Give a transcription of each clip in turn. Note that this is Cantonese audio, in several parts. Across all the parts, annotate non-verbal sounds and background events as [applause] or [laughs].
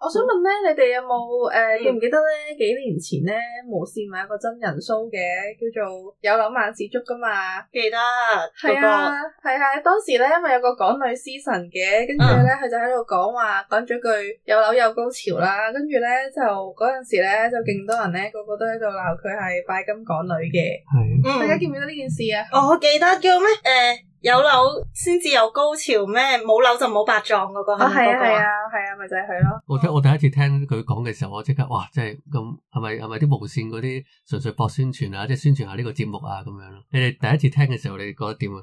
我想問咧，你哋有冇誒、呃嗯、記唔記得咧幾年前咧無線買個真人 show 嘅，叫做有樓萬事足㗎嘛？記得，係啊係啊，當時咧因為有個港女師神嘅，跟住咧佢就喺度講話，講咗句有樓有高潮啦，跟住咧就嗰陣時咧就勁多人咧個個都喺度鬧佢係拜金港女嘅，係的，嗯、大家記唔記得呢件事啊？嗯、我記得叫咩誒？Uh 有樓先至有高潮咩？冇樓就冇白撞嗰、嗰個，係啊係啊係啊，咪就係佢咯。我我第一次聽佢講嘅時候，我即刻哇，即係咁係咪係咪啲無線嗰啲純粹博宣傳啊，即係宣傳下呢個節目啊咁樣咯。你哋第一次聽嘅時候，你哋覺得點啊？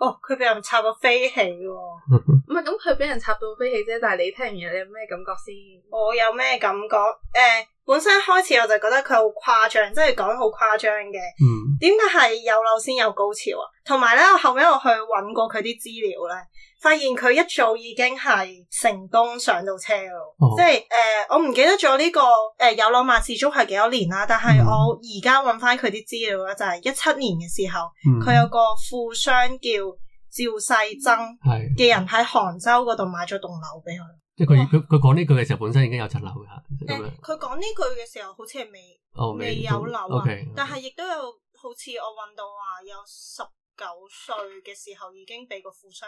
哦，佢俾人、啊、 [laughs] 人插到飛起，唔係咁佢俾人插到飛起啫。但係你聽完你有咩感覺先？我有咩感覺？誒、uh。本身一開始我就覺得佢好誇張，即係講好誇張嘅。點解係有樓先有高潮啊？同埋咧，我後尾我去揾過佢啲資料咧，發現佢一早已經係成功上到車咯。哦、即係誒、呃，我唔記得咗呢個誒、呃、有樓萬事足係幾多年啦。但係我而家揾返佢啲資料咧，就係一七年嘅時候，佢、嗯、有個富商叫趙世曾嘅人喺杭州嗰度買咗棟樓俾佢。即佢佢佢講呢句嘅時候，本身已經有層樓嘅。佢講呢句嘅時候，okay. 好似係未未有樓啊。但係亦都有好似我揾到話，有十九歲嘅時候已經俾個富商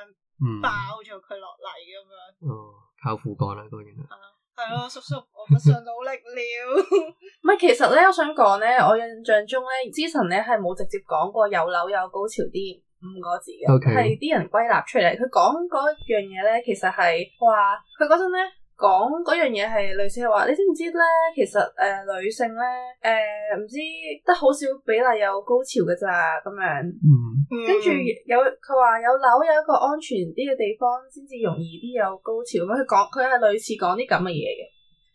爆咗佢落嚟咁樣。哦，靠富幹啦當然。係咯，啊啊、 [laughs] 叔叔，我唔想努力了。唔係，其實咧，我想講咧，我印象中咧，之前咧係冇直接講過有樓有高潮啲。五個字嘅，係啲 Okay. 人歸納出嚟。佢講嗰樣嘢咧，其實係話，佢嗰陣咧講嗰樣嘢係類似係話，你知唔知咧？其實誒、呃、女性咧誒唔知得好少比例有高潮嘅咋咁樣。嗯，跟住有佢話有樓有一個安全啲嘅地方先至容易啲有高潮。咁佢講佢係類似講啲咁嘅嘢嘅。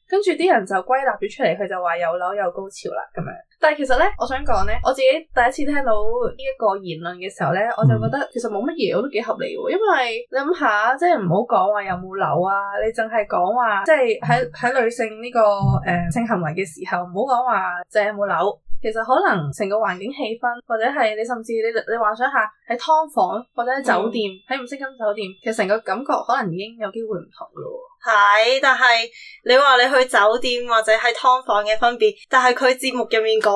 跟住啲人就歸納咗出嚟，佢就話有樓有高潮啦咁樣。但係其實咧，我想講咧，我自己第一次聽到呢一個言論嘅時候咧，我就覺得其實冇乜嘢，我都幾合理。因為你諗下，即係唔好講話有冇樓啊，你淨係講話即係喺喺女性呢、這個誒、呃、性行為嘅時候，唔好講話就有冇樓。其實可能成個環境氣氛，或者係你甚至你你幻想下喺劏房或者喺酒店，喺五星級酒店，其實成個感覺可能已經有機會唔同咯。係，但係你話你去酒店或者喺劏房嘅分別，但係佢節目入面講，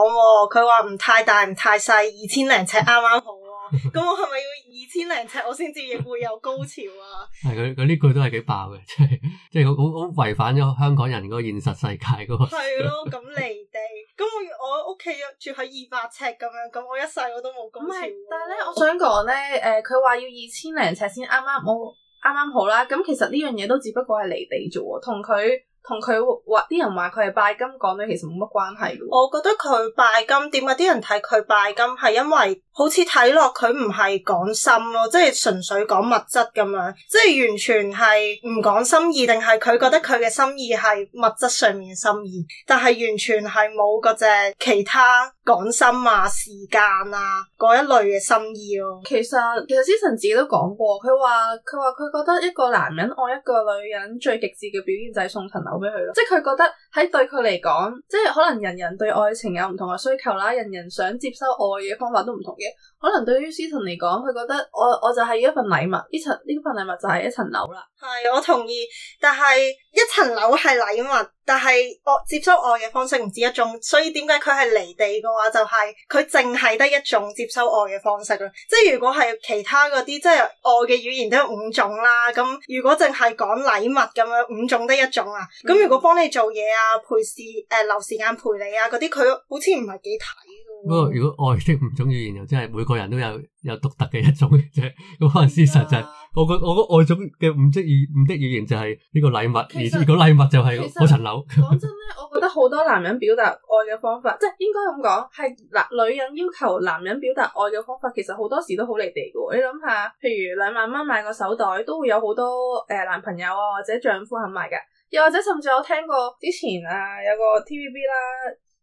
佢話唔太大唔太細，二千零尺啱啱好。咁我係咪要二千零尺我先至會有高潮啊？係，佢佢呢句都係幾爆嘅，即係即係好好違反咗香港人嗰個現實世界嗰個係咯，咁離地，咁我屋企住喺二百尺咁樣，咁我一世我都冇高潮。唔係，但係咧，我想講咧，誒、呃，佢話要二千零尺先啱啱，我啱啱好啦。咁其實呢樣嘢都只不過係離地啫，同佢。同佢話啲人話佢係拜金港女，其實冇乜關係。我覺得佢拜金，點解啲人睇佢拜金，係因為好似睇落佢唔係講心咯，即係純粹講物質咁樣，即係完全係唔講心意，定係佢覺得佢嘅心意係物質上面嘅心意，但係完全係冇嗰隻其他講心啊、時間啊嗰一類嘅心意咯。其實楊思淳自己都講過，佢話佢話佢覺得一個男人愛一個女人最極致嘅表現就係送陳。即係佢覺得喺對佢嚟講，即係可能人人對愛情有唔同嘅需求啦，人人想接收愛嘅方法都唔同嘅。可能對於斯琴嚟講，佢覺得我我就係要一份禮物，呢層呢份禮物就係一層樓啦。係，我同意，但係一層樓係禮物。但係我接收愛嘅方式唔止一種，所以點解佢係離地嘅話，就係佢淨係得一種接收愛嘅方式咯。即係如果係其他嗰啲，即係愛嘅語言都有五種啦。咁如果淨係講禮物咁樣，五種得一種啊，咁如果幫你做嘢啊，陪時誒、呃、留時間陪你啊嗰啲，佢好似唔係幾睇㗎。不過如果愛的五種語言又真係每個人都有有獨特嘅一種嘅啫，咁可能事實真。我覺我愛中個愛種嘅五色語五色語言就係呢個禮物，其實而嗰禮物就係嗰層樓。講真咧，我覺得好多男人表達愛嘅方法，即係應該咁講，係嗱，女人要求男人表達愛嘅方法，其實好多時都好離地嘅。你諗下，譬如兩萬蚊買個手袋，都會有好多誒、呃、男朋友啊或者丈夫肯買嘅，又或者甚至有聽過之前啊有個 TVB 啦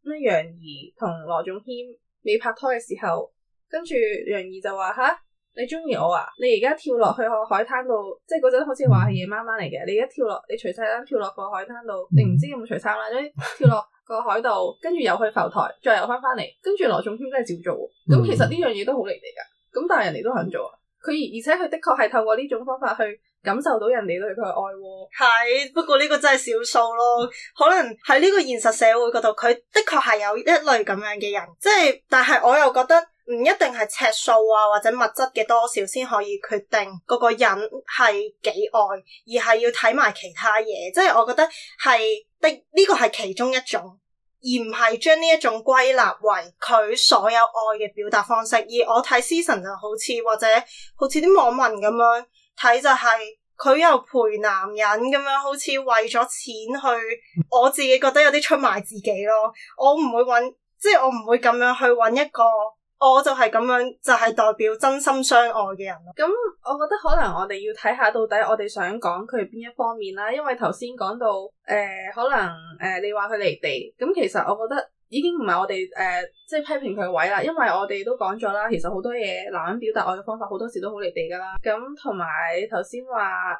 咩楊怡同羅仲謙未拍拖嘅時候，跟住楊怡就話吓。你中意我啊？你而家跳落去個海灘度，即係嗰陣好似話係夜麻麻嚟嘅。你而家跳落，你除晒啦，跳落個海灘度，你唔 [laughs] 知有冇除衫啦。你跳落個海度，跟住又去浮台，再游翻翻嚟，跟住羅仲謙真係照做，嗯、做。咁其實呢樣嘢都好嚟哋噶，咁但係人哋都肯做啊。佢而且佢的確係透過呢種方法去感受到人哋對佢愛喎。係，不過呢個真係少數咯。可能喺呢個現實社會嗰度，佢的確係有一類咁樣嘅人。即係，但係我又覺得。唔一定係尺數啊，或者物質嘅多少先可以決定嗰個人係幾愛，而係要睇埋其他嘢。即係我覺得係的呢個係其中一種，而唔係將呢一種歸納為佢所有愛嘅表達方式。而我睇 Cason 就好似或者好似啲網民咁樣睇，就係佢又陪男人咁樣，好似為咗錢去。我自己覺得有啲出賣自己咯。我唔會揾，即係我唔會咁樣去揾一個。我就係咁樣，就係、是、代表真心相愛嘅人咯。咁我覺得可能我哋要睇下到底我哋想講佢邊一方面啦。因為頭先講到誒、呃，可能誒、呃，你話佢離地，咁其實我覺得已經唔係我哋誒，即、呃、係、就是、批評佢位啦。因為我哋都講咗啦，其實好多嘢男人表達愛嘅方法好多時都好離地噶啦。咁同埋頭先話誒，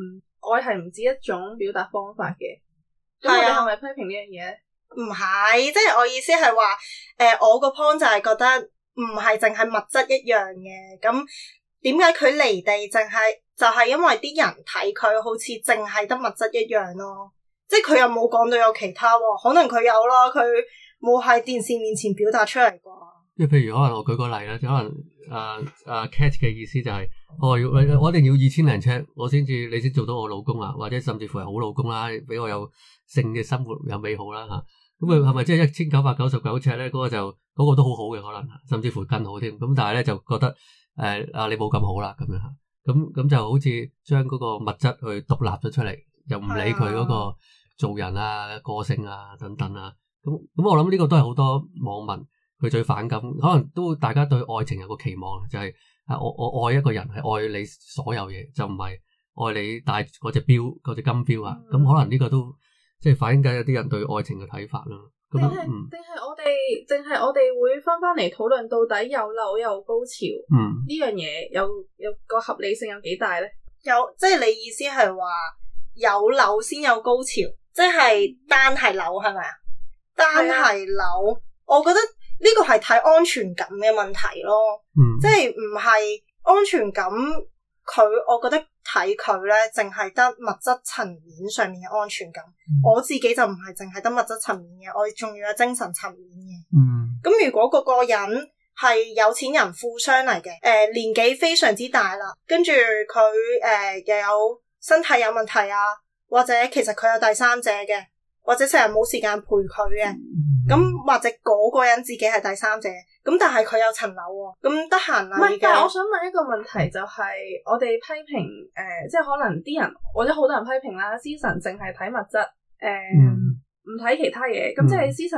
唔、呃、愛係唔止一種表達方法嘅。咁我哋係咪批評呢樣嘢？唔係，即係我意思係話，誒、呃，我個 point 就係覺得唔係淨係物質一樣嘅，咁點解佢離地淨係就係、是、因為啲人睇佢好似淨係得物質一樣咯？即係佢又冇講到有其他喎，可能佢有啦，佢冇喺電視面前表達出嚟啩？即係譬如可能我舉個例啦，即可能誒誒 Kat 嘅意思就係、是，我、哦、要我一定要二千零尺，我先至你先做到我老公啊，或者甚至乎係好老公啦、啊，俾我有性嘅生活有美好啦、啊、嚇。咁佢係咪即係一千九百九十九尺咧？嗰、嗰個就、嗰個都好好嘅，可能甚至乎更好添。咁但係咧，就覺得誒啊、呃，你冇咁好啦，咁樣吓。咁咁就好似將嗰個物質去獨立咗出嚟，又唔理佢嗰個做人啊、個性啊等等啊。咁咁，我諗呢個都係好多網民佢最反感。可能都大家對愛情有個期望，就係、是、啊，我我愛一個人係愛你所有嘢，就唔係愛你戴嗰隻表、嗰隻金表啊。咁可能呢個都。即係反映緊有啲人對愛情嘅睇法啦。定係定係我哋，淨係、嗯、我哋會翻翻嚟討論，到底有樓有高潮呢、嗯、樣嘢，有有個合理性有幾大咧？有即係你意思係話有樓先有高潮，即係單係樓係咪啊？單係樓，我覺得呢個係睇安全感嘅問題咯。嗯、即係唔係安全感。佢，我覺得睇佢咧，淨係得物質層面上面嘅安全感。Mm hmm. 我自己就唔係淨係得物質層面嘅，我仲要有精神層面嘅。咁、mm hmm. 如果嗰個人係有錢人、富商嚟嘅，誒、呃、年紀非常之大啦，跟住佢誒又有身體有問題啊，或者其實佢有第三者嘅，或者成日冇時間陪佢嘅，咁、mm hmm. 或者嗰個人自己係第三者。咁但係佢有層樓喎，咁得閒啦。唔係，但係我想問一個問題，就是，就係我哋批評誒、呃，即係可能啲人或者好多人批評啦，思神淨係睇物質，誒、呃，唔睇、嗯、其他嘢，咁、嗯、即係思神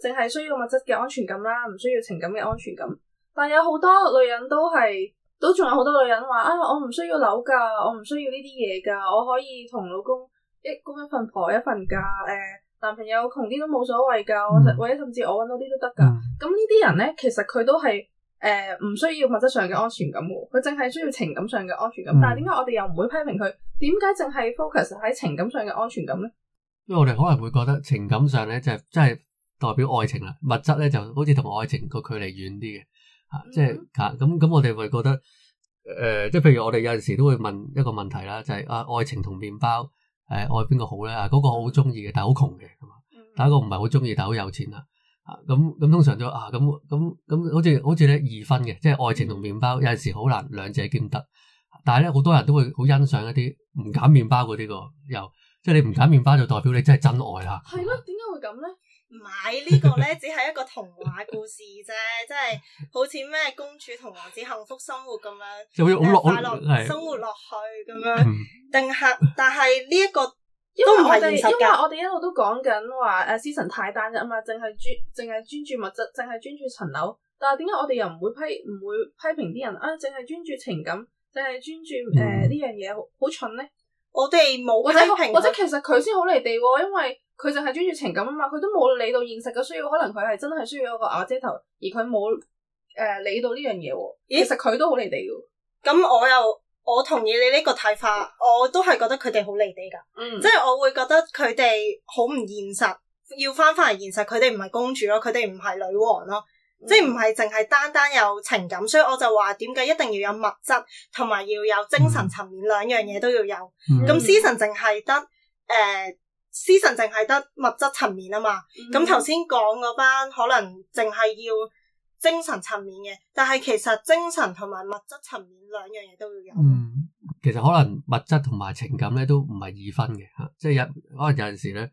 淨係需要物質嘅安全感啦，唔需要情感嘅安全感。但係有好多女人都係，都仲有好多女人話啊，我唔需要樓噶，我唔需要呢啲嘢噶，我可以同老公一公一份，婆一份噶，誒、呃，男朋友窮啲都冇所謂噶，或者甚至我搵到啲都得噶。嗯咁呢啲人咧，其實佢都係誒唔需要物質上嘅安全感喎，佢淨係需要情感上嘅安全感。嗯、但係點解我哋又唔會批評佢？點解淨係 focus 喺情感上嘅安全感咧？因為我哋可能會覺得情感上咧就係即係代表愛情啦，物質咧就好似同愛情個距離遠啲嘅嚇，即係嚇咁咁，啊、我哋會覺得誒，即、呃、係譬如我哋有陣時都會問一個問題啦，就係、是、啊愛情同麵包誒、啊、愛邊、個好咧？嗰個好中意嘅，但係好窮嘅、嗯，但係個唔係好中意，但係好有錢啦。咁咁、嗯、通常就，啊咁咁咁好似好似咧、嗯、二分嘅，即係愛情同麵包，有陣時好難兩者兼得。但係咧好多人都會好欣賞一啲唔揀麵包嗰啲、這個，又即係你唔揀麵包就代表你真係真愛啦。係咯的？點解會咁咧？買個呢個咧只係一個童話故事啫，即係 [laughs] 好似咩公主同王子幸福生活咁樣，即係快樂生活落去咁樣。定係但係呢一個？ [laughs] [noise] [laughs] 因為我哋，因為我哋一路都講緊話誒，思、啊、想太單一啊嘛，淨係專，淨係專注物質，淨係專注層樓。但係點解我哋又唔會批，唔會批評啲人啊？淨係專注情感，淨係專注誒呢樣嘢，好蠢咧！我哋冇批評，或者其實佢先好離地喎、啊，因為佢淨係專注情感啊嘛，佢都冇理到現實嘅需要，可能佢係真係需要一個瓦遮頭，而佢冇誒理到呢樣嘢。咦其實佢都好離地嘅、啊。咁我又。我同意你呢個睇法，我都係覺得佢哋好離地噶，嗯、即係我會覺得佢哋好唔現實。要返返嚟現實，佢哋唔係公主咯，佢哋唔係女王咯，嗯、即係唔係淨係單單有情感，所以我就話點解一定要有物質，同埋要有精神層面、嗯、兩樣嘢都要有。咁思想淨係得誒，思想淨係得物質層面啊嘛。咁頭先講嗰班可能淨係要精神層面嘅，但係其實精神同埋物質層面兩樣嘢都會有。嗯，其實可能物質同埋情感咧都唔係二分嘅吓，即係有可能有陣時咧，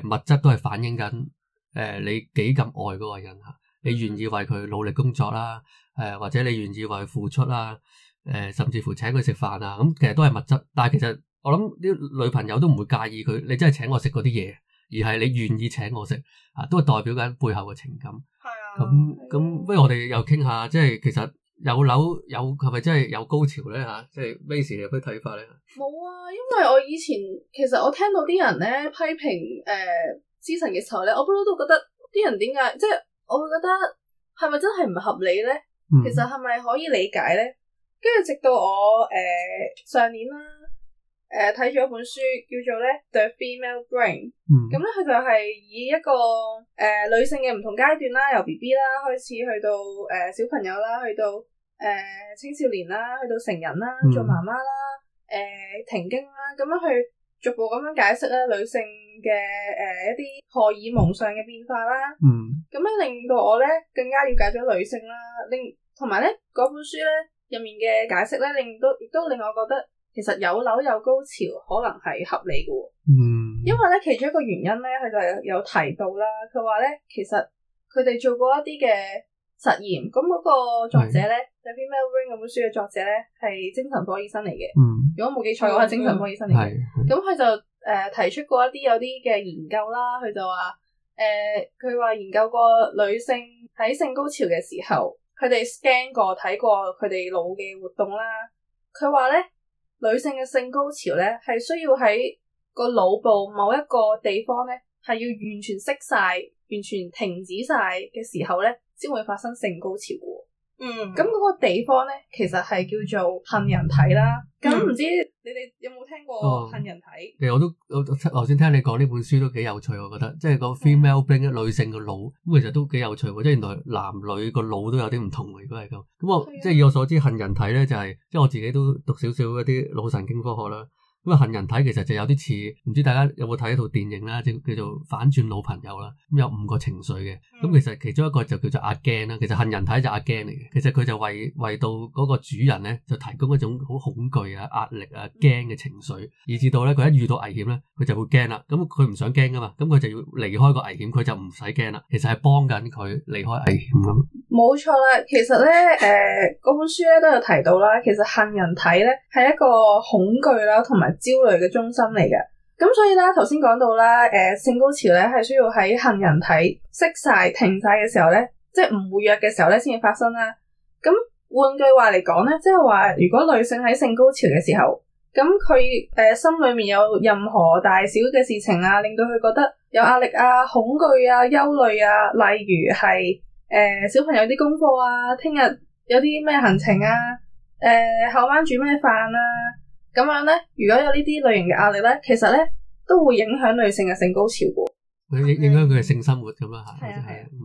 誒物質都係反映緊誒、呃、你幾咁愛嗰個人吓，你願意為佢努力工作啦，誒、呃、或者你願意為佢付出啦，誒、呃、甚至乎請佢食飯啊，咁、嗯、其實都係物質，但係其實我諗啲女朋友都唔會介意佢，你真係請我食嗰啲嘢，而係你願意請我食啊，都係代表緊背後嘅情感、嗯。咁咁，啊、不如我哋又傾下，即係其實有樓有係咪真係有高潮咧吓，即係咩事你 n y 有咩睇法咧？冇啊，因為我以前其實我聽到啲人咧批評誒資產嘅時候咧，我不嬲都覺得啲人點解即係我會覺得係咪真係唔合理咧？嗯、其實係咪可以理解咧？跟住直到我誒、呃、上年啦。誒睇咗一本書叫做咧《The Female Brain》，咁咧佢就係以一個誒女性嘅唔同階段啦，由 BB 啦開始去到誒小朋友啦，去到誒青少年啦，去到成人啦，做媽媽啦，誒停經啦，咁樣去逐步咁樣解釋咧女性嘅誒一啲荷爾蒙上嘅變化啦，咁樣令到我咧更加了解咗女性啦，令同埋咧本書咧入面嘅解釋咧令到亦都令我覺得。其實有樓有高潮，可能係合理嘅。嗯，因為咧其中一個原因咧，佢就有提到啦。佢話咧，其實佢哋做過一啲嘅實驗。咁嗰個作者咧，是《The Female Brain》咁本書嘅作者咧係精神科醫生嚟嘅。嗯，如果冇記錯，嗯、我係精神科醫生嚟嘅。咁佢、嗯嗯、就誒、呃、提出過一啲有啲嘅研究啦。佢就話誒，佢、呃、話研究過女性喺性高潮嘅時候，佢哋 scan 過睇過佢哋腦嘅活動啦。佢話咧。女性嘅性高潮咧，係需要喺個腦部某一個地方咧，係要完全熄晒、完全停止晒嘅時候咧，先會發生性高潮嘅。嗯，咁嗰個地方咧，其實係叫做《杏仁體》啦。咁唔知你哋有冇聽過《杏仁體》？其實我都我頭先聽你講呢本書都幾有趣，我覺得即係、就是、個 female b e i、嗯、n g 女性個腦咁，其實都幾有趣。即係原來男女個腦都有啲唔同，嘅，如果係咁，咁我、啊、即係以我所知，《杏仁體呢》咧就係即係我自己都讀少少一啲腦神經科學啦。咁啊，杏仁體其實就有啲似，唔知大家有冇睇一套電影啦，就叫做《反轉老朋友》啦。咁有五個情緒嘅，咁、嗯、其實其中一個就叫做阿驚啦。其實杏仁體就阿驚嚟嘅。其實佢就為為到嗰個主人咧，就提供一種好恐懼啊、壓力啊、驚嘅情緒，以至到咧佢一遇到危險咧，佢就會驚啦。咁佢唔想驚噶嘛，咁佢就要離開個危險，佢就唔使驚啦。其實係幫緊佢離開危險咁。冇錯啦，其實咧誒、嗰、呃、本書咧都有提到啦。其實杏仁體咧係一個恐懼啦，同埋。焦慮嘅中心嚟嘅，咁所以咧，頭先講到啦，誒、呃，性高潮咧係需要喺杏仁體熄晒、停晒嘅時候咧，即係唔活躍嘅時候咧，先至發生啦。咁換句話嚟講咧，即係話，如果女性喺性高潮嘅時候，咁佢誒心裏面有任何大小嘅事情啊，令到佢覺得有壓力啊、恐懼啊、憂慮啊，例如係誒、呃、小朋友啲功課啊，聽日有啲咩行程啊，誒、呃、後晚煮咩飯啊。咁樣咧，如果有呢啲類型嘅壓力咧，其實咧都會影響女性嘅性高潮噶。嗯、影影響佢嘅性生活咁樣吓，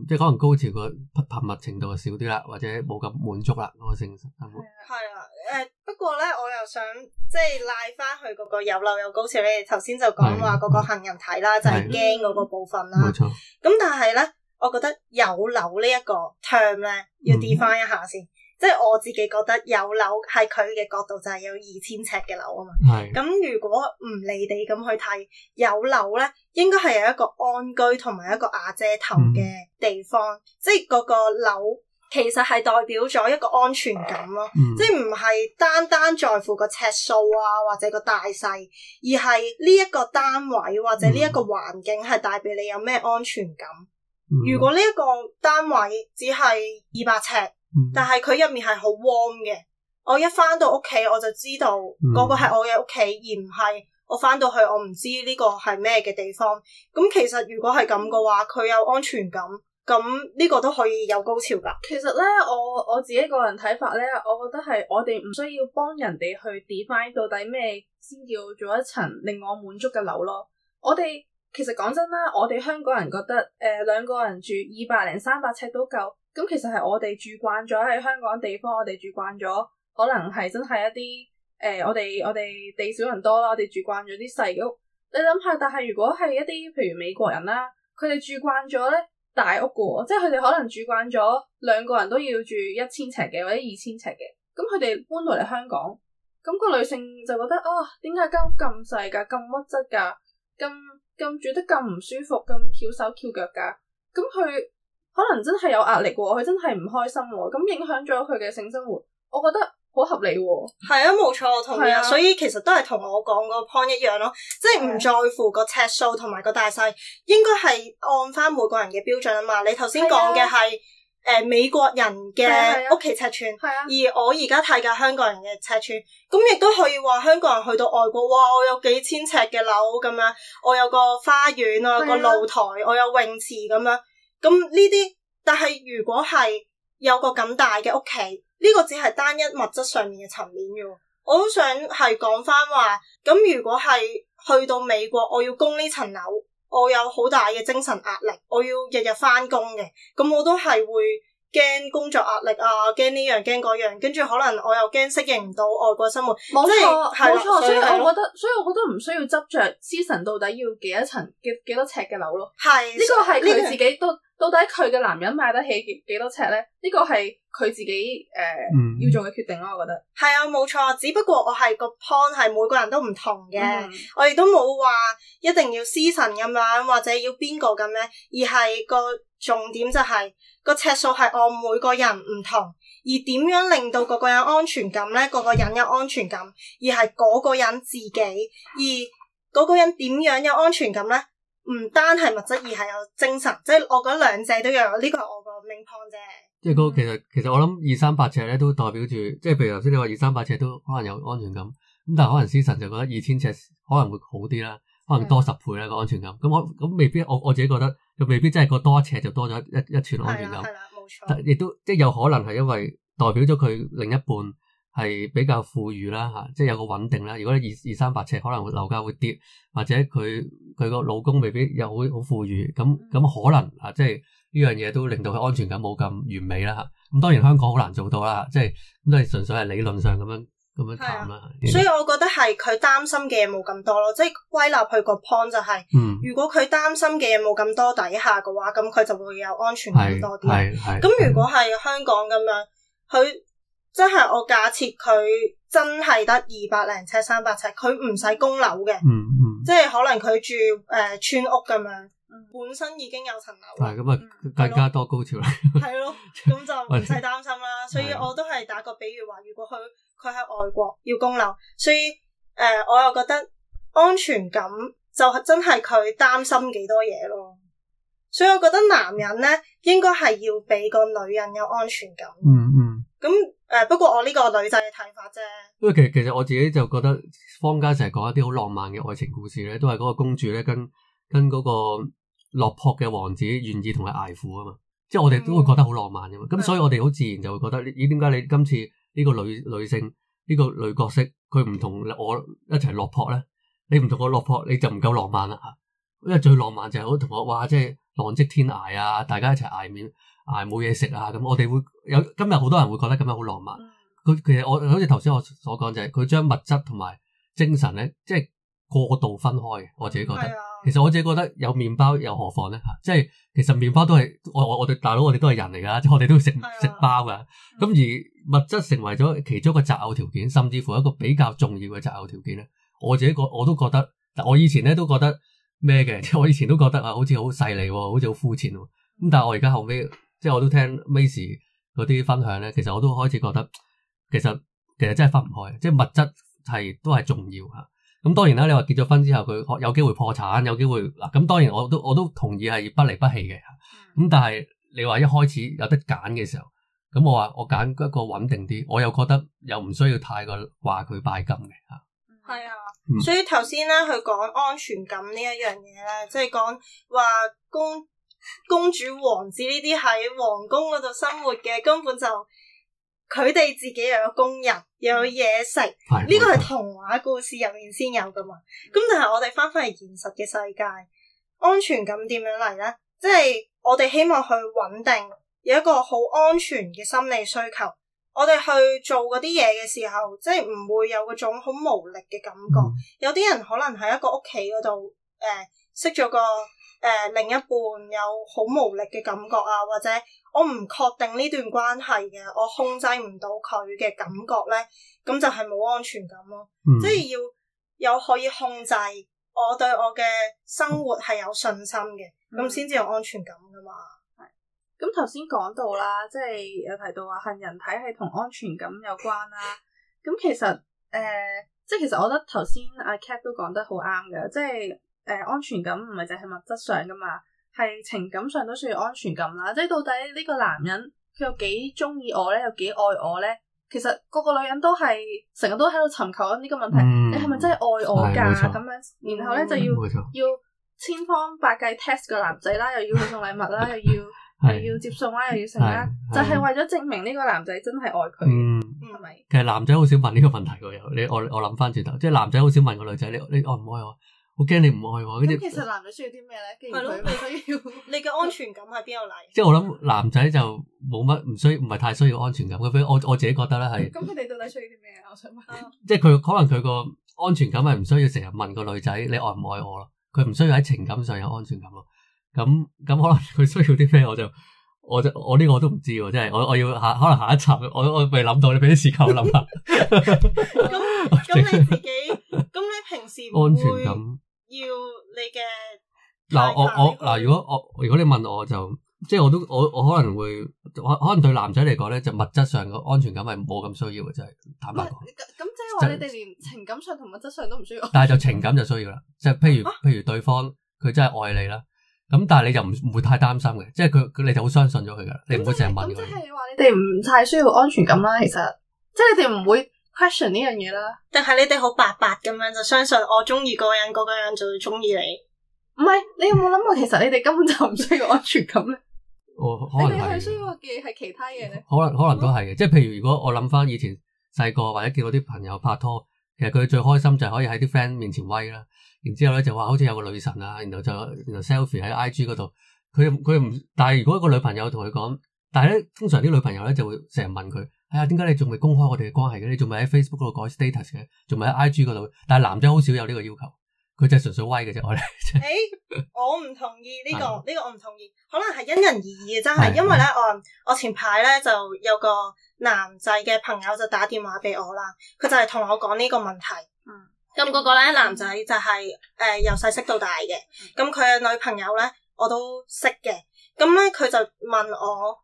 即係可能高潮個頻密程度少啲啦，或者冇咁滿足啦個性生活。係啊，誒，不過咧，我又想即係賴翻去個個有樓有高潮咧，你哋頭先就講話個個杏仁體啦，的就係驚嗰個部分啦。冇錯。咁但係咧，我覺得有樓呢一個 term 咧，要 define 一下先。嗯即係我自己覺得有樓，喺佢嘅角度就係有二千尺嘅樓啊嘛。咁的如果唔理地咁去睇，有樓呢應該係有一個安居同埋一個瓦遮頭嘅地方。嗯、即係嗰個樓其實係代表咗一個安全感咯。嗯、即係唔係單單在乎個尺數啊，或者個大細，而係呢一個單位或者呢一個環境係帶俾你有咩安全感。嗯、如果呢一個單位只係二百尺。但係佢入面係好 warm 嘅，我一翻到屋企我就知道嗰個係我嘅屋企，嗯、而唔係我翻到去我唔知呢個係咩嘅地方。咁其實如果係咁嘅話，佢有安全感，咁呢個都可以有高潮噶。其實呢，我我自己個人睇法呢，我覺得係我哋唔需要幫人哋去 define 到底咩先叫做一層令我滿足嘅樓咯。我哋其實講真啦，我哋香港人覺得誒、呃、兩個人住二百零三百尺都夠。咁其實係我哋住慣咗喺香港地方，我哋住慣咗，可能係真係一啲誒、呃，我哋我哋地少人多啦，我哋住慣咗啲細屋。你諗下，但係如果係一啲譬如美國人啦，佢哋住慣咗咧大屋噶，即係佢哋可能住慣咗兩個人都要住一千尺嘅或者二千尺嘅。咁佢哋搬到嚟香港，咁、個女性就覺得啊，點解間屋咁細㗎？咁乜質㗎，咁咁住得咁唔舒服，咁翹手翹腳㗎，咁佢。可能真係有壓力喎，佢真係唔開心喎，咁影響咗佢嘅性生活，我覺得好合理喎。係啊，冇錯，我同意啊。所以其實都係同我講個 point 一樣咯，即係唔在乎個尺數同埋個大細，應該係按翻每個人嘅標準啊嘛。你頭先講嘅係誒美國人嘅屋企尺寸，而我而家睇嘅香港人嘅尺寸，咁亦都可以話香港人去到外國，哇！我有幾千尺嘅樓咁樣，我有個花園啊，有個露台，我有泳池咁樣。咁呢啲，但係如果係有個咁大嘅屋企，呢、這個只係單一物質上面嘅層面嘅。我好想係講翻話，咁如果係去到美國，我要供呢層樓，我有好大嘅精神壓力，我要日日翻工嘅，咁我都係會驚工作壓力啊，驚呢樣驚嗰樣，跟住、這個、這個、可能我又驚適應唔到外國生活。冇錯，冇錯，所以我覺得，所以我覺得唔需要執着，思晨到底要幾多層、幾幾多尺嘅樓咯。係是，呢個係佢自己都，到底佢嘅男人買得起幾多尺呢？呢、這個係佢自己誒、呃嗯、要做嘅決定咯，我覺得係啊，冇錯。只不過我係個 point 係每個人都唔同嘅，嗯、我亦都冇話一定要思辰咁樣或者要邊個咁樣，而係個重點就係、是、個尺數係我每個人唔同，而點樣令到個個人安全感呢？個個人有安全感，而係嗰個人自己，而嗰個人點樣有安全感呢？唔單係物質，而係有精神，即係我覺得兩者都有。呢個係我個命 p 啫。即係嗰其實其實我諗二三百尺咧，都代表住，即係譬如頭先你話二三百尺都可能有安全感，咁但係可能斯神就覺得二千尺可能會好啲啦，可能多十倍啦個安全感。咁的我咁未必，我我自己覺得，佢未必真係個多一尺就多咗一一一寸安全感。係啦，係啦，冇錯。亦都即係有可能係因為代表咗佢另一半。係比較富裕啦，嚇，即係有個穩定啦。如果你二二三百尺，可能會樓價會跌，或者佢佢個老公未必又會好富裕，咁、嗯、咁可能啊，即係呢樣嘢都令到佢安全感冇咁完美啦，嚇。咁當然香港好難做到啦，即係都係純粹係理論上咁樣咁樣談啦。就是、所以我覺得係佢擔心嘅嘢冇咁多咯，即係歸納佢個 point 就係，嗯、如果佢擔心嘅嘢冇咁多底下嘅話，咁佢就會有安全感多啲。係係。咁是、嗯、如果係香港咁樣，佢。即係我假設佢真係得二百零尺、三百尺，佢唔使供樓嘅、嗯，嗯、呃、嗯，即係可能佢住誒村屋咁樣，本身已經有層樓。係咁啊，的更加多高潮啦。係咯的，咁 [laughs] 就唔使擔心啦。所以我都係打個比喻話，如果佢佢喺外國要供樓，所以誒、呃、我又覺得安全感就真係佢擔心幾多嘢咯。所以我覺得男人咧應該係要俾個女人有安全感。嗯嗯，咁、嗯。誒，不過我呢個女仔嘅睇法啫。因為，其實其實我自己就覺得，坊間成日講一啲好浪漫嘅愛情故事咧，都係嗰個公主咧跟跟嗰個落魄嘅王子願意同佢挨苦啊嘛。即係我哋都會覺得好浪漫嘅嘛。咁、嗯、所以我哋好自然就會覺得咦，點解、嗯、你今次呢個女女性呢、這個女角色，佢唔同我一齊落魄咧？你唔同我落魄，你就唔夠浪漫啦吓。因為最浪漫就係好同我哇，即係浪跡天涯啊，大家一齊挨麵，係冇嘢食啊！咁我哋會有今日，好多人會覺得今日好浪漫。佢其實我好似頭先我所講，就係佢將物質同埋精神咧，即係過度分開。我自己覺得，嗯、其實我自己覺得有麵包又何妨咧嚇？即係其實麵包都係我我我哋大佬，我哋都係人嚟㗎，即係我哋都食食、嗯、包㗎。咁、嗯、而物質成為咗其中一個擇偶條件，甚至乎一個比較重要嘅擇偶條件咧。我自己覺我都覺得，我以前咧都覺得咩嘅？即我以前都覺得啊，好似好勢利，好似好膚淺。咁但係我而家後尾……即係我都聽 Mais 嗰啲分享咧，其實我都開始覺得其實其實真係分唔開，即係物質係都係重要嚇。咁當然啦，你話結咗婚之後佢有機會破產，有機會嗱。咁當然我都我都同意係不離不棄嘅。咁但係你話一開始有得揀嘅時候，咁我話我揀一個穩定啲，我又覺得又唔需要太過話佢拜金嘅嚇。係啊，嗯、所以頭先咧佢講安全感呢一樣嘢咧，即係講話工。公主、王子呢啲喺皇宮嗰度生活嘅，根本就佢哋自己又有工人，又有嘢食。呢個係童話故事入面先有噶嘛。咁但係我哋翻翻去現實嘅世界，安全感點樣嚟咧？即係我哋希望去穩定，有一個好安全嘅心理需求。我哋去做嗰啲嘢嘅時候，即係唔會有嗰種好無力嘅感覺。嗯、有啲人可能喺一個屋企嗰度，誒、呃、識咗個。誒、呃，另一半有好無力嘅感覺啊，或者我唔確定呢段關係嘅，我控制唔到佢嘅感覺咧，咁就係冇安全感咯、啊。嗯、即係要有可以控制我對我嘅生活係有信心嘅，咁先至有安全感噶嘛。咁頭先講到啦，即係有提到話杏仁體係同安全感有關啦、啊。咁其實誒、呃，即係其實我覺得頭先阿 Cap 都講得好啱噶，即係。誒，安全感唔係淨係物質上噶嘛，係情感上都算安全感啦。即係到底呢個男人佢有幾中意我咧有幾愛我咧？其實個個女人都係成日都喺度尋求緊呢個問題，你係咪真係愛我噶？咁樣然後咧就要錯要千方百計 test 個男仔啦，又要佢送禮物啦， [laughs] 又要 [laughs] 又要接送啦，又要剩啦， [laughs] 是就係為咗證明呢個男仔真係愛佢，係咪、嗯？是是其實男仔好少問呢個問題嘅、就是，你我我諗翻轉頭，即係男仔好少問個女仔，你你愛唔愛我？我驚你唔愛我。其實男仔需要啲咩咧？係咯，需要。 [laughs] 你嘅安全感喺邊度嚟？即係我諗男仔就冇乜唔需，唔係太需要安全感。我我自己覺得咧係。咁佢哋到底需要啲咩啊？我想問。即係佢可能佢個安全感係唔需要成日問個女仔你愛唔愛我咯？佢唔需要喺情感上有安全感咯。咁咁可能佢需要啲咩？我就我就我呢個我都唔知喎。即係我我要下可能下一集我我未諗到，你俾啲時間我諗下。咁咁你自己咁你平時安全感？要你嘅嗱，我我嗱，如果我如果你問我就，就即係我都我我可能會可能對男仔嚟講咧，就物質上個安全感係冇咁需要嘅，就是，即係坦白講。咁即係話你哋連情感上同物質上都唔需要，就是。但係就情感就需要啦，即、就、係、是、譬如、啊、譬如對方佢真係愛你啦，咁但係你就唔唔會太擔心嘅，就是那，即係佢佢你就好相信咗佢噶啦，你唔會成日問佢。即係話你哋唔太需要安全感啦，其實即係你哋唔會。Question 呢樣嘢啦，定係你哋好白白咁樣就相信我中意嗰人嗰、嗰個人就會中意你？唔係，你有冇諗過其實你哋根本就唔需要安全感咧？我可能係需要嘅係其他嘢咧。可能可能都係嘅，嗯、即係譬如，如果我諗翻以前細個或者見到啲朋友拍拖，其實佢最開心就係可以喺啲 friend 面前威啦。然之後咧就話好似有個女神啊，然後就 selfie 喺 IG 嗰度。佢佢唔但係，如果一個女朋友同佢講，但係咧通常啲女朋友咧就會成日問佢。係啊，點解、哎、你仲未公開我哋嘅關係嘅？你仲未喺 Facebook 度改 status 嘅，仲未喺 IG 嗰度？但係男仔好少有呢個要求，佢真係純粹威嘅啫、哎。我咧，我唔同意呢、呢個，呢、 [laughs] 呢個呢個我唔同意。可能係因人而異嘅，真係。的因為咧，我我前排咧就有個男仔嘅朋友就打電話俾我啦，佢就係同我講呢個問題。嗯，咁嗰個咧男仔就係誒由細識到大嘅，咁佢嘅女朋友咧我都識嘅，咁咧佢就問我。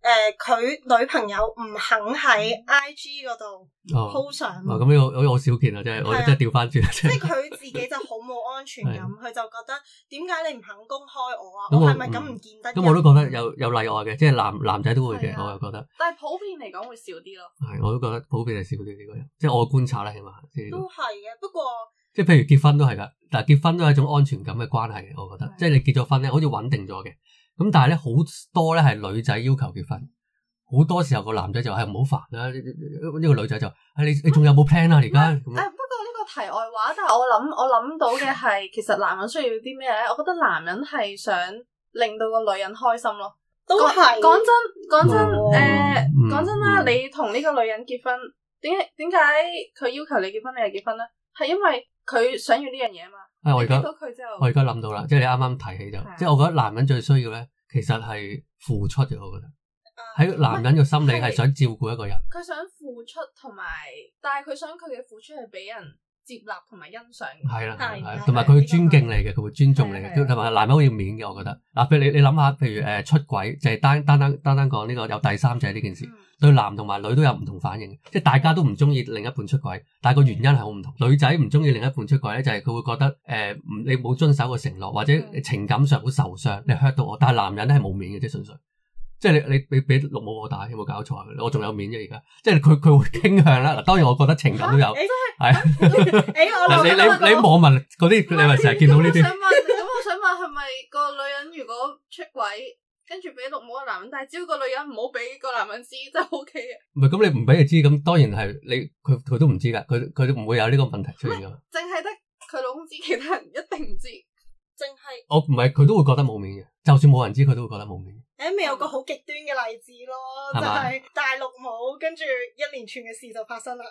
誒，佢女朋友唔肯喺 I G 嗰度 po 相。哇，咁樣我我少見啊，即係我真係調翻轉。即係佢自己就好冇安全感，佢就覺得點解你唔肯公開我啊？我係咪咁唔見得？咁我都覺得有有例外嘅，即係男男仔都會嘅，我又覺得。但係普遍嚟講會少啲咯。係，我都覺得普遍係少啲呢個人，即係我觀察咧係咪。都係嘅，不過即係譬如結婚都係噶，但係結婚都係一種安全感嘅關係，我覺得，即係你結咗婚咧，好似穩定咗嘅。咁但係咧好多咧係女仔要求結婚，好多時候個男仔就係唔好煩啦。呢個女仔就，你你仲有冇 plan 啊？而家咁。不過呢個題外話，但係我諗我諗到嘅係，其實男人需要啲咩咧？我覺得男人係想令到個女人開心咯。都係講真講真誒，講真啦，嗯、你同呢個女人結婚，點點解佢要求你結婚你就結婚咧？係因爲佢想要呢樣嘢嘛？啊、哎！我而家我而家諗到啦，嗯、即係你啱啱提起就，的即係我覺得男人最需要咧，其實係付出嘅，我覺得喺、呃、男人嘅心理係想照顧一個人，佢、呃、想佢付出同埋，但係佢想佢嘅付出係俾人。接納同埋欣賞，係 [noise] 啦，係同埋佢會尊敬你嘅，佢會尊重你嘅，同埋男人好要面嘅。我覺得，嗱，譬如你你諗下，譬如誒出軌，就係、是、單，單單單單單講呢個有第三者呢件事，嗯、對男同埋女都有唔同反應，即係大家都唔中意另一半出軌，但係個原因係好唔同。的女仔唔中意另一半出軌咧，就係、是、佢會覺得誒、呃，你冇遵守個承諾，或者情感上好受傷，你 hurt 到我。但係男人咧係冇面嘅，即係純粹。即係你你俾俾綠帽我打，有冇搞錯啊？我仲有面啫，而家即係佢佢會傾向啦。嗱，當然我覺得情感都有。係，誒， [laughs] 你、那個、你你網民嗰啲，是些你咪成日見到呢啲。我想問，咁 [laughs] 我想問，係咪個女人如果出軌，跟住俾綠帽個男人，但係只要個女人唔好俾個男人知就，就 O K 嘅。唔係，咁你唔俾佢知，咁當然係你佢佢都唔知噶，佢佢唔會有呢個問題出現噶。淨係得佢老公知，其他人一定唔知。淨係我唔係，佢都會覺得冇面嘅。就算冇人知，佢都會覺得冇面。誒，未有個好極端嘅例子咯，就係大陸冇，跟住一連串嘅事就發生啦。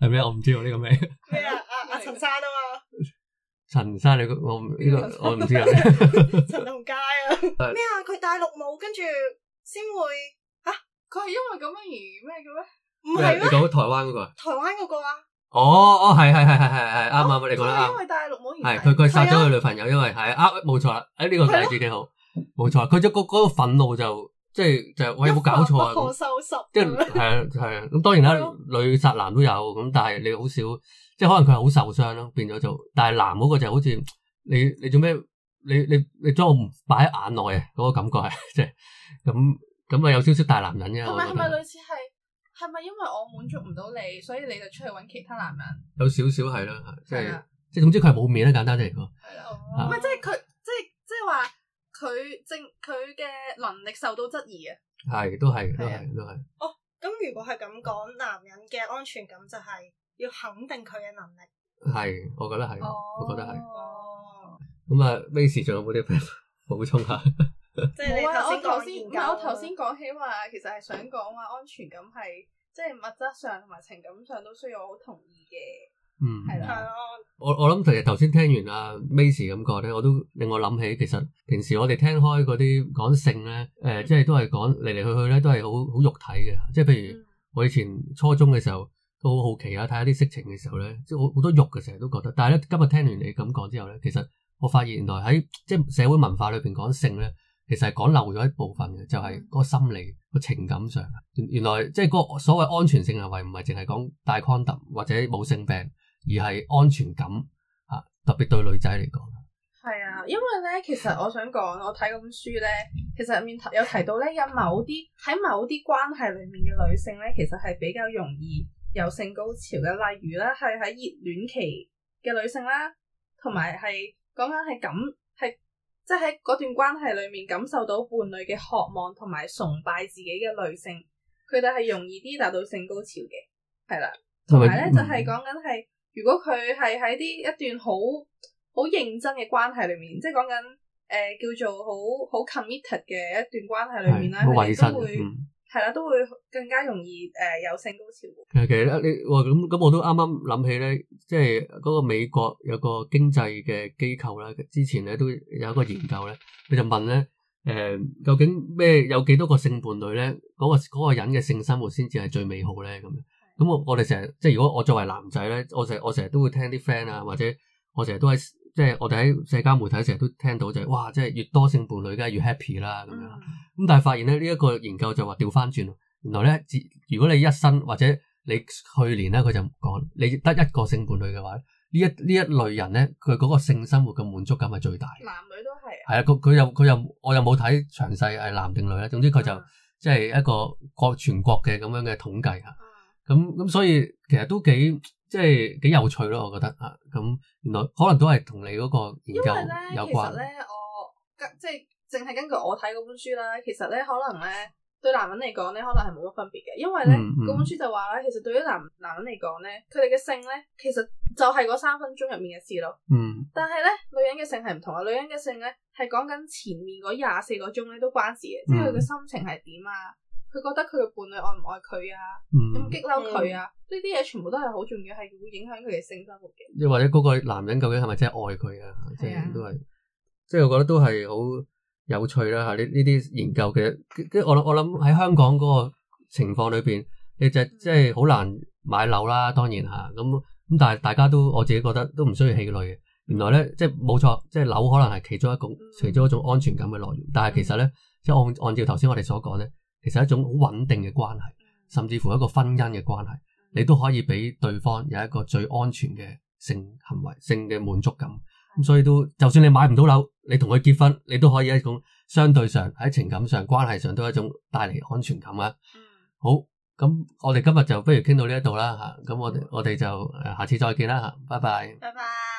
係咩？我唔知道呢個咩？咩啊？阿阿陳生啊嘛。陳生，你我呢個我唔知啊。陳同佳啊。咩啊？佢大陸冇，跟住先會吓，佢係因為咁樣而咩嘅咩？唔係咩？到台灣嗰個。台灣嗰個啊。哦哦，係係係係係係啱啊！你講得啱。因為大陸冇而係佢佢殺咗佢女朋友，因為係啊冇錯啦。誒呢個例子幾好。冇錯，佢就嗰嗰個憤怒就即係就我有冇搞錯啊？收拾即係，係啊係啊，咁當然啦，也女殺男都有咁，但係你好少，即係可能佢係好受傷咯，變咗就，但係男嗰個就好似你你，做咩？你你你將我唔擺喺眼內啊？嗰個感覺係即係咁咁啊，有少少大男人嘅。係咪係咪類似係，係咪因為我滿足唔到你，所以你就出去搵其他男人？有少少係啦，即係即係，的總之佢係冇面啦，簡單嚟講。係啊的，唔係即係佢。的佢嘅能力受到質疑啊！係，都係的，都係，都係。哦，咁如果係咁講，男人嘅安全感就係要肯定佢嘅能力。係，我覺得係，哦、我覺得係。哦。咁啊，咩事仲有冇啲補充啊？即係你頭先我頭先講起話，其實係想講話安全感係，即係物質上同埋情感上都需要好同意嘅。嗯，係啦的，我我諗其實頭先聽完阿 Mais 咁講咧，我都令我諗起，其實平時我哋聽開嗰啲講性咧，誒、呃，即係都係講嚟嚟去去咧，都係好好肉體嘅，即係譬如、嗯、我以前初中嘅時候都好好奇啊，睇下啲色情嘅時候咧，即係好好多肉嘅，成日都覺得。但係咧今日聽完你咁講之後咧，其實我發現原來喺即係社會文化裏邊講性咧，其實係講漏咗一部分嘅，就係、是、個心理、嗯、個情感上。原原來即係個所謂安全性行為唔係淨係講戴 condom 或者冇性病。而係安全感，吓、啊、特別對女仔嚟講。係啊，因為咧，其實我想講，我睇嗰本書咧，其實入面有提到咧，有某啲喺某啲關係裏面嘅女性咧，其實係比較容易有性高潮嘅。例如咧，係喺熱戀期嘅女性啦，同埋係講緊係咁，係即係喺嗰段關係裏面感受到伴侶嘅渴望同埋崇拜自己嘅女性，佢哋係容易啲達到性高潮嘅，係啦。同埋咧，是是就係講緊係。如果佢係喺啲一段好好認真嘅關係裏面，即係講緊誒叫做好好 committed 嘅一段關係裏面啦，佢哋都會係啦、嗯，都會更加容易誒有性高潮。係其實咧，你哇咁咁，我都啱啱諗起咧，即係嗰個美國有個經濟嘅機構啦，之前咧都有一個研究咧，佢、嗯、就問咧誒、呃，究竟咩有幾多個性伴侶咧，嗰、嗰個人嘅性生活先至係最美好咧咁樣？咁我哋成日即係如果我作為男仔咧，我成我成日都會聽啲 friend 啊，或者我成日都喺即係我哋喺社交媒體成日都聽到就係、是，哇，即係越多性伴侶梗係越 happy 啦，咁樣。咁、嗯、但係發現咧呢一、這個研究就話調翻轉，原來咧，如果你一生或者你去年咧佢就唔講你得一個性伴侶嘅話，呢一呢一類人咧佢嗰個性生活嘅滿足感係最大嘅。男女都係。係啊，佢佢又佢又我又冇睇詳細係男定女咧，總之佢就即係一個國全國嘅咁樣嘅統計吓。咁咁所以其實都幾即係幾有趣咯，我覺得啊，咁原來可能都係同你嗰個研究因為呢有關咧。我即係淨係根據我睇嗰本書啦，其實咧可能咧對男人嚟講咧，可能係冇乜分別嘅，因為咧嗰，嗯嗯、本書就話啦，其實對於男男人嚟講咧，佢哋嘅性咧其實就係嗰三分鐘入面嘅事咯。嗯。但係咧，女人嘅性係唔同啊，女人嘅性咧係講緊前面嗰廿四個鐘咧都關事嘅，即係佢嘅心情係點啊。佢覺得佢嘅伴侶愛唔愛佢啊？有冇、嗯、激嬲佢啊？呢啲嘢全部都係好重要，係會影響佢嘅性生活嘅。又或者嗰個男人究竟係咪真係愛佢啊？啊即係都係，即係我覺得都係好有趣啦嚇！呢呢啲研究其實，跟住我諗，我諗喺香港嗰個情況裏邊，你就係、是嗯、即係好難買樓啦。當然吓，咁、啊、咁，但係大家都我自己覺得都唔需要氣餒嘅。原來咧，即係冇錯，即係樓可能係其中一種，嗯、其中一種安全感嘅來源。但係其實咧，即係按按照頭先我哋所講咧。其實一種好穩定嘅關係，甚至乎一個婚姻嘅關係，你都可以俾對方有一個最安全嘅性行為、性嘅滿足感。咁所以都，就算你買唔到樓，你同佢結婚，你都可以一種相對上喺情感上、關係上都一種帶嚟安全感啊，好，咁我哋今日就不如傾到呢一度啦吓，咁我哋我哋就誒下次再見啦吓，拜拜。拜拜。